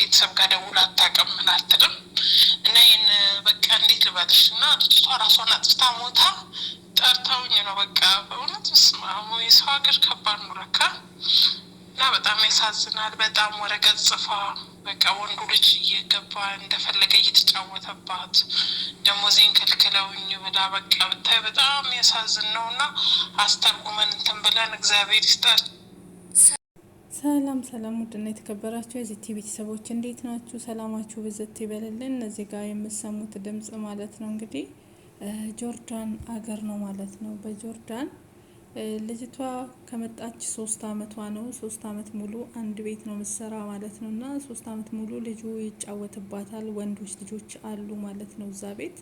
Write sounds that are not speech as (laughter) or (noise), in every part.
ቤተሰብ ጋር ደውላ አታውቅም፣ ምን አትልም። እና ይህን በቃ እንዴት ልበልሽ እና ልጅቷ ራሷን አጥፍታ ሞታ ጠርተውኝ ነው በቃ በእውነት ስማሙ የሰው ሀገር ከባድ ነው እና በጣም ያሳዝናል። በጣም ወረቀት ጽፋ በቃ ወንዱ ልጅ እየገባ እንደፈለገ እየተጫወተባት ደግሞ ዜን ከልክለውኝ ብላ በቃ ብታይ በጣም ያሳዝን ነው እና አስተርጉመን እንትን ብለን እግዚአብሔር ይስጣቸው። ሰላም ሰላም፣ ውድና የተከበራችሁ የዚህ ቲቪ ቤተሰቦች እንዴት ናችሁ? ሰላማችሁ ብዝት ይበልልን። እዚህ ጋር የምሰሙት ድምጽ ማለት ነው እንግዲህ ጆርዳን አገር ነው ማለት ነው። በጆርዳን ልጅቷ ከመጣች ሶስት አመቷ ነው። ሶስት አመት ሙሉ አንድ ቤት ነው ምሰራ ማለት ነው እና ሶስት አመት ሙሉ ልጁ ይጫወትባታል። ወንዶች ልጆች አሉ ማለት ነው እዛ ቤት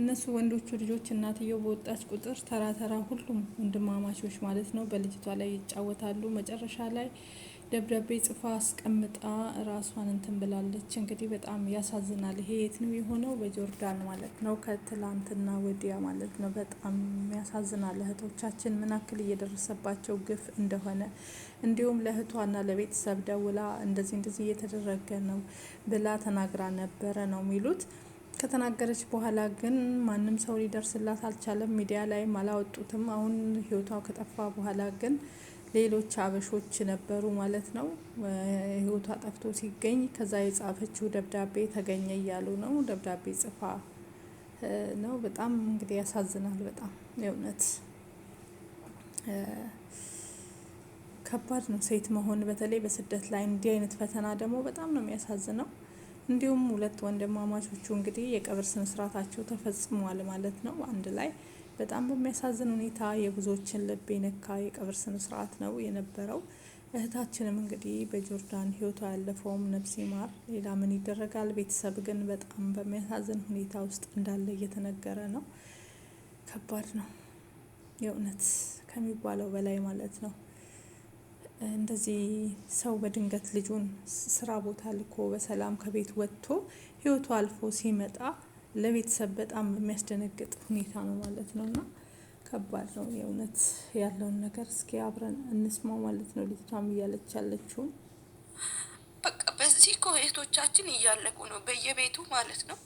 እነሱ ወንዶቹ ልጆች እናትየው በወጣች ቁጥር ተራ ተራ ሁሉም ወንድማማቾች ማለት ነው በልጅቷ ላይ ይጫወታሉ። መጨረሻ ላይ ደብዳቤ ጽፋ አስቀምጣ ራሷን እንትን ብላለች። እንግዲህ በጣም ያሳዝናል። ይሄ የት ነው የሆነው? በጆርዳን ማለት ነው፣ ከትላንትና ወዲያ ማለት ነው። በጣም ያሳዝናል። እህቶቻችን ምን ያክል እየደረሰባቸው ግፍ እንደሆነ እንዲሁም ለእህቷና ለቤተሰብ ደውላ እንደዚህ እንደዚህ እየተደረገ ነው ብላ ተናግራ ነበረ ነው የሚሉት ከተናገረች በኋላ ግን ማንም ሰው ሊደርስላት አልቻለም። ሚዲያ ላይም አላወጡትም። አሁን ህይወቷ ከጠፋ በኋላ ግን ሌሎች አበሾች ነበሩ ማለት ነው። ህይወቷ ጠፍቶ ሲገኝ ከዛ የጻፈችው ደብዳቤ ተገኘ እያሉ ነው። ደብዳቤ ጽፋ ነው። በጣም እንግዲህ ያሳዝናል። በጣም የእውነት ከባድ ነው ሴት መሆን። በተለይ በስደት ላይ እንዲህ አይነት ፈተና ደግሞ በጣም ነው የሚያሳዝነው። እንዲሁም ሁለት ወንድማማቾቹ እንግዲህ የቀብር ስነስርዓታቸው ተፈጽሟል ማለት ነው። አንድ ላይ በጣም በሚያሳዝን ሁኔታ የብዙዎችን ልብ የነካ የቀብር ስነስርዓት ነው የነበረው። እህታችንም እንግዲህ በጆርዳን ህይወቷ ያለፈውም ነፍስ ማር። ሌላ ምን ይደረጋል? ቤተሰብ ግን በጣም በሚያሳዝን ሁኔታ ውስጥ እንዳለ እየተነገረ ነው። ከባድ ነው የእውነት ከሚባለው በላይ ማለት ነው። እንደዚህ ሰው በድንገት ልጁን ስራ ቦታ ልኮ በሰላም ከቤት ወጥቶ ህይወቱ አልፎ ሲመጣ ለቤተሰብ በጣም የሚያስደነግጥ ሁኔታ ነው ማለት ነው። እና ከባድ ነው የእውነት ያለውን ነገር እስኪ አብረን እንስማ ማለት ነው። ልጅቷም እያለች ያለችው በቃ በዚህ እኮ እያለቁ ነው በየቤቱ ማለት ነው።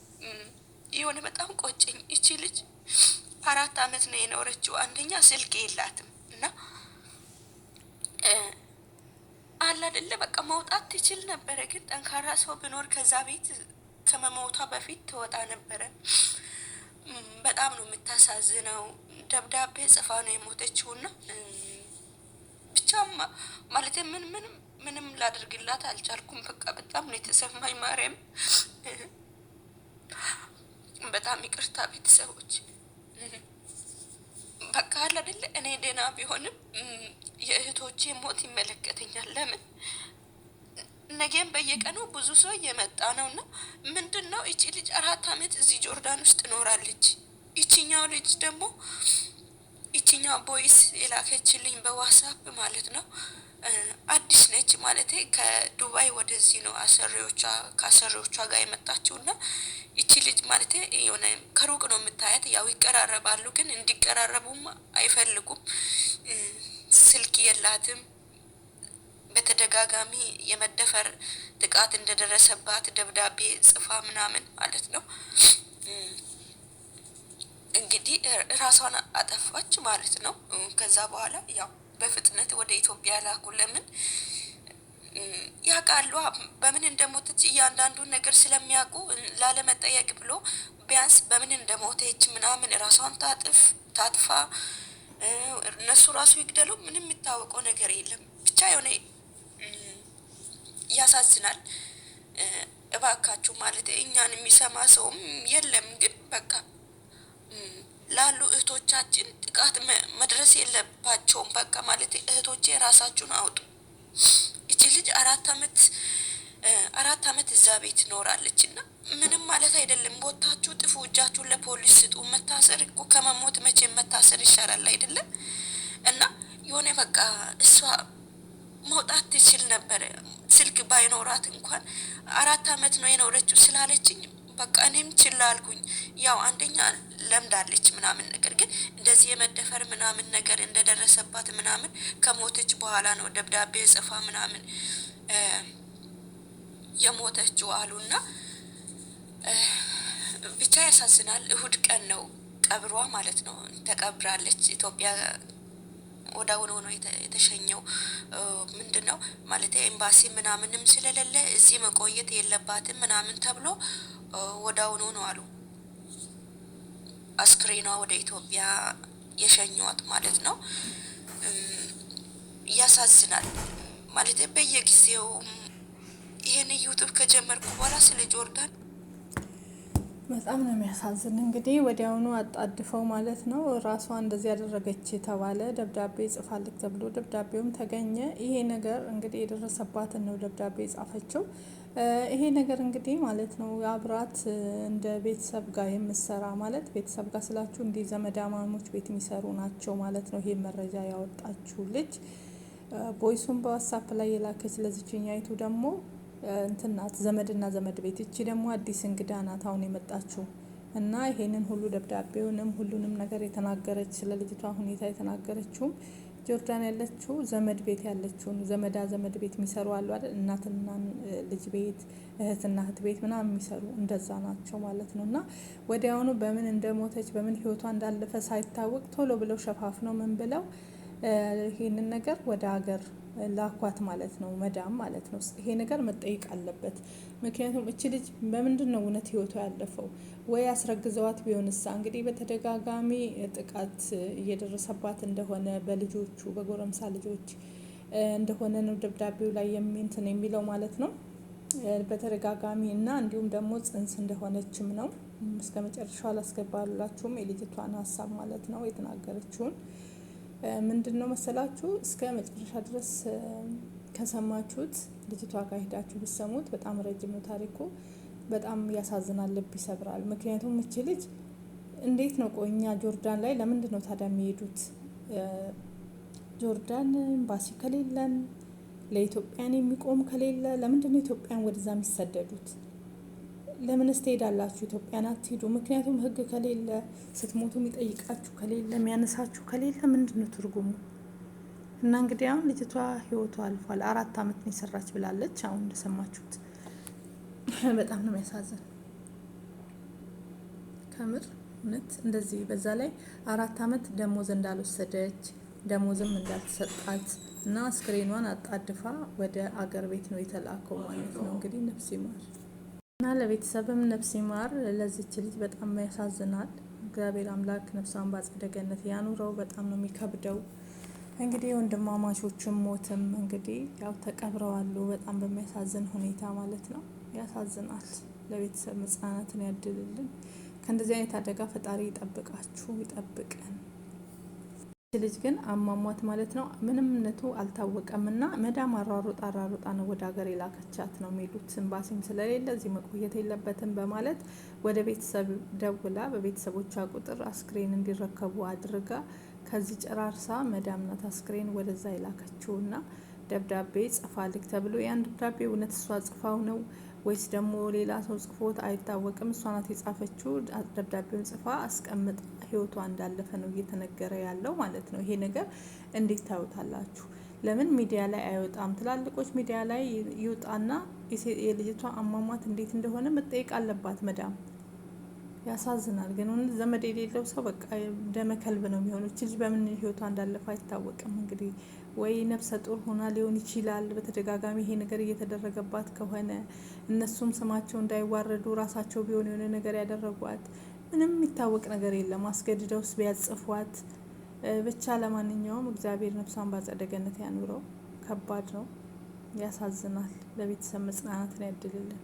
የሆነ በጣም ቆጭኝ እቺ ልጅ አራት አመት ነው የኖረችው። አንደኛ ስልክ የላትም እና አላደለ በቃ መውጣት ትችል ነበረ። ግን ጠንካራ ሰው ብኖር ከዛ ቤት ከመሞቷ በፊት ትወጣ ነበረ። በጣም ነው የምታሳዝነው። ደብዳቤ ጽፋ ነው የሞተችው እና ብቻ ማለት ምን ምንም ምንም ላደርግላት አልቻልኩም። በቃ በጣም ነው የተሰማኝ። ማርያም በጣም ይቅርታ ቤተሰቦች በቃ አለ አይደለ እኔ ደህና ቢሆንም የእህቶቼ ሞት ይመለከተኛል። ለምን ነገም በየቀኑ ብዙ ሰው እየመጣ ነው እና ምንድን ነው እቺ ልጅ አራት አመት እዚህ ጆርዳን ውስጥ ትኖራለች። ይችኛው ልጅ ደግሞ ይችኛው ቦይስ የላከችልኝ በዋትሳፕ ማለት ነው አዲስ ነች ማለት ከዱባይ ወደዚህ ነው አሰሪዎቿ ከአሰሪዎቿ ጋር የመጣችው እና ይቺ ልጅ ማለት የሆነ ከሩቅ ነው የምታያት። ያው ይቀራረባሉ፣ ግን እንዲቀራረቡም አይፈልጉም። ስልክ የላትም። በተደጋጋሚ የመደፈር ጥቃት እንደደረሰባት ደብዳቤ ጽፋ ምናምን ማለት ነው እንግዲህ ራሷን አጠፋች ማለት ነው። ከዛ በኋላ ያው በፍጥነት ወደ ኢትዮጵያ ላኩ። ለምን ያውቃሉ በምን እንደሞተች እያንዳንዱን ነገር ስለሚያውቁ ላለመጠየቅ ብሎ ቢያንስ በምን እንደሞተች ምናምን ራሷን ታጥፍ ታጥፋ እነሱ ራሱ ይግደሉ ምንም የሚታወቀው ነገር የለም። ብቻ የሆነ ያሳዝናል። እባካችሁ ማለት እኛን የሚሰማ ሰውም የለም ግን በቃ ላሉ እህቶቻችን ጥቃት መድረስ የለባቸውም። በቃ ማለት እህቶቼ ራሳችሁን አውጡ። እቺ ልጅ አራት አመት አራት አመት እዛ ቤት ኖራለች እና ምንም ማለት አይደለም። ቦታችሁ ጥፉ፣ እጃችሁን ለፖሊስ ስጡ። መታሰር እኮ ከመሞት መቼም መታሰር ይሻላል አይደለም እና የሆነ በቃ እሷ መውጣት ትችል ነበረ ስልክ ባይኖራት እንኳን አራት አመት ነው የኖረችው ስላለችኝ በቃ እኔም ችላ አልኩኝ። ያው አንደኛ ለምዳለች ምናምን ነገር ግን እንደዚህ የመደፈር ምናምን ነገር እንደደረሰባት ምናምን ከሞተች በኋላ ነው ደብዳቤ ጽፋ ምናምን የሞተችው አሉና ብቻ ያሳዝናል። እሁድ ቀን ነው ቀብሯ ማለት ነው ተቀብራለች። ኢትዮጵያ ወደ አሁን ሆኖ የተሸኘው ምንድን ነው ማለት ኤምባሲ ምናምንም ስለሌለ እዚህ መቆየት የለባትም ምናምን ተብሎ ወዳውኑ ነው አሉ። አስክሬኗ ወደ ኢትዮጵያ የሸኟት ማለት ነው። ያሳዝናል ማለት በየጊዜው ይህን ዩቱብ ከጀመርኩ በኋላ ስለ ጆርዳን በጣም ነው የሚያሳዝን። እንግዲህ ወዲያውኑ አጣድፈው ማለት ነው ራሷ እንደዚህ ያደረገች የተባለ ደብዳቤ ጽፋልክ ተብሎ ደብዳቤውም ተገኘ። ይሄ ነገር እንግዲህ የደረሰባትን ነው ደብዳቤ የጻፈችው። ይሄ ነገር እንግዲህ ማለት ነው አብራት እንደ ቤተሰብ ጋር የምሰራ ማለት ቤተሰብ ጋር ስላችሁ እንዲህ ዘመዳማሞች ቤት የሚሰሩ ናቸው ማለት ነው። ይሄ መረጃ ያወጣችሁ ልጅ ቦይሱን በዋትሳፕ ላይ የላከች ለዚችኛይቱ ደግሞ እንትናት ዘመድና ዘመድ ቤት፣ እቺ ደግሞ አዲስ እንግዳ ናት አሁን የመጣችው። እና ይሄንን ሁሉ ደብዳቤውንም ሁሉንም ነገር የተናገረች ስለ ልጅቷ ሁኔታ የተናገረችውም ጆርዳን ያለችው ዘመድ ቤት ያለችውን ዘመዳ ዘመድ ቤት የሚሰሩ አሉ አይደል? እናትና ልጅ ቤት፣ እህትና እህት ቤት ምናምን የሚሰሩ እንደዛ ናቸው ማለት ነው። እና ወዲያውኑ በምን እንደሞተች በምን ህይወቷ እንዳለፈ ሳይታወቅ ቶሎ ብለው ነው ምን ብለው ይህንን ነገር ወደ ሀገር ላኳት ማለት ነው፣ መዳም ማለት ነው። ይሄ ነገር መጠየቅ አለበት። ምክንያቱም እች ልጅ በምንድን ነው እውነት ህይወቷ ያለፈው? ወይ አስረግዘዋት ቢሆንሳ? እንግዲህ በተደጋጋሚ ጥቃት እየደረሰባት እንደሆነ በልጆቹ በጎረምሳ ልጆች እንደሆነ ነው ደብዳቤው ላይ የሚንትን የሚለው ማለት ነው በተደጋጋሚ እና እንዲሁም ደግሞ ጽንስ እንደሆነችም ነው። እስከ መጨረሻው አላስገባላችሁም የልጅቷን ሀሳብ ማለት ነው የተናገረችውን ምንድን ነው መሰላችሁ እስከ መጨረሻ ድረስ ከሰማችሁት ልጅቷ ካሄዳችሁ ብሰሙት በጣም ረጅም ነው ታሪኩ። በጣም ያሳዝናል፣ ልብ ይሰብራል። ምክንያቱም እቺ ልጅ እንዴት ነው ቆይ እኛ ጆርዳን ላይ ለምንድን ነው ታዲያ የሚሄዱት? ጆርዳን ኤምባሲ ከሌለን ለኢትዮጵያን የሚቆም ከሌለ ለምንድን ነው ኢትዮጵያን ወደዛ የሚሰደዱት? ለምንስ ትሄዳላችሁ? ኢትዮጵያን አትሄዱ። ምክንያቱም ህግ ከሌለ ስትሞቱ የሚጠይቃችሁ ከሌለ የሚያነሳችሁ ከሌለ ምንድን ነው ትርጉሙ? እና እንግዲህ አሁን ልጅቷ ህይወቷ አልፏል። አራት አመት ነው የሰራች ብላለች። አሁን እንደሰማችሁት (laughs) በጣም ነው የሚያሳዝን ከምር እውነት። እንደዚህ በዛ ላይ አራት አመት ደሞዝ እንዳልወሰደች ደሞዝም እንዳልተሰጣት እና አስክሬኗን አጣድፋ ወደ አገር ቤት ነው የተላከው ማለት ነው። እንግዲህ ነፍስ ይማር። እና ለቤተሰብም ነፍስ ይማር። ለዚች ልጅ በጣም ያሳዝናል። እግዚአብሔር አምላክ ነፍሷን በአጸደ ገነት ያኑረው። በጣም ነው የሚከብደው። እንግዲህ ወንድማማቾችም ሞትም እንግዲህ ያው ተቀብረዋሉ። በጣም በሚያሳዝን ሁኔታ ማለት ነው። ያሳዝናል። ለቤተሰብ መጽናናትን ያድልልን። ከእንደዚህ አይነት አደጋ ፈጣሪ ይጠብቃችሁ፣ ይጠብቀን። ልጅ ግን አሟሟት ማለት ነው። ምንምነቱ አልታወቀም እና መዳም አሯሩጣ አሯሩጣ ነው ወደ ሀገር የላከቻት ነው የሚሉት። እምባሲም ስለሌለ እዚህ መቆየት የለበትም በማለት ወደ ቤተሰብ ደውላ በቤተሰቦቿ ቁጥር አስክሬን እንዲረከቡ አድርጋ ከዚህ ጨራርሳ መዳም ናት አስክሬን ወደዛ የላከችው ና ደብዳቤ ጽፋልክ ተብሎ ያን ደብዳቤ እውነት እሷ ጽፋው ነው ወይስ ደግሞ ሌላ ሰው ጽፎት አይታወቅም። እሷ ናት የጻፈችው። ደብዳቤውን ጽፋ አስቀምጥ ህይወቷ እንዳለፈ ነው እየተነገረ ያለው ማለት ነው። ይሄ ነገር እንዴት ታዩታላችሁ? ለምን ሚዲያ ላይ አይወጣም? ትላልቆች ሚዲያ ላይ ይውጣና የልጅቷ አሟሟት እንዴት እንደሆነ መጠየቅ አለባት መዳም ያሳዝናል። ግን ሁን ዘመድ የሌለው ሰው በቃ ደመከልብ ነው የሚሆነው። እች ልጅ በምን ህይወቷ እንዳለፈ አይታወቅም። እንግዲህ ወይ ነፍሰ ጡር ሆና ሊሆን ይችላል። በተደጋጋሚ ይሄ ነገር እየተደረገባት ከሆነ እነሱም ስማቸው እንዳይዋረዱ ራሳቸው ቢሆን የሆነ ነገር ያደረጓት ምንም የሚታወቅ ነገር የለም። ስ ቢያጽፏት ብቻ። ለማንኛውም እግዚአብሔር ነፍሷን ባጸደ ገነት ያኑረው። ከባድ ነው፣ ያሳዝናል። ለቤተሰብ መጽናናትን ያድልልን።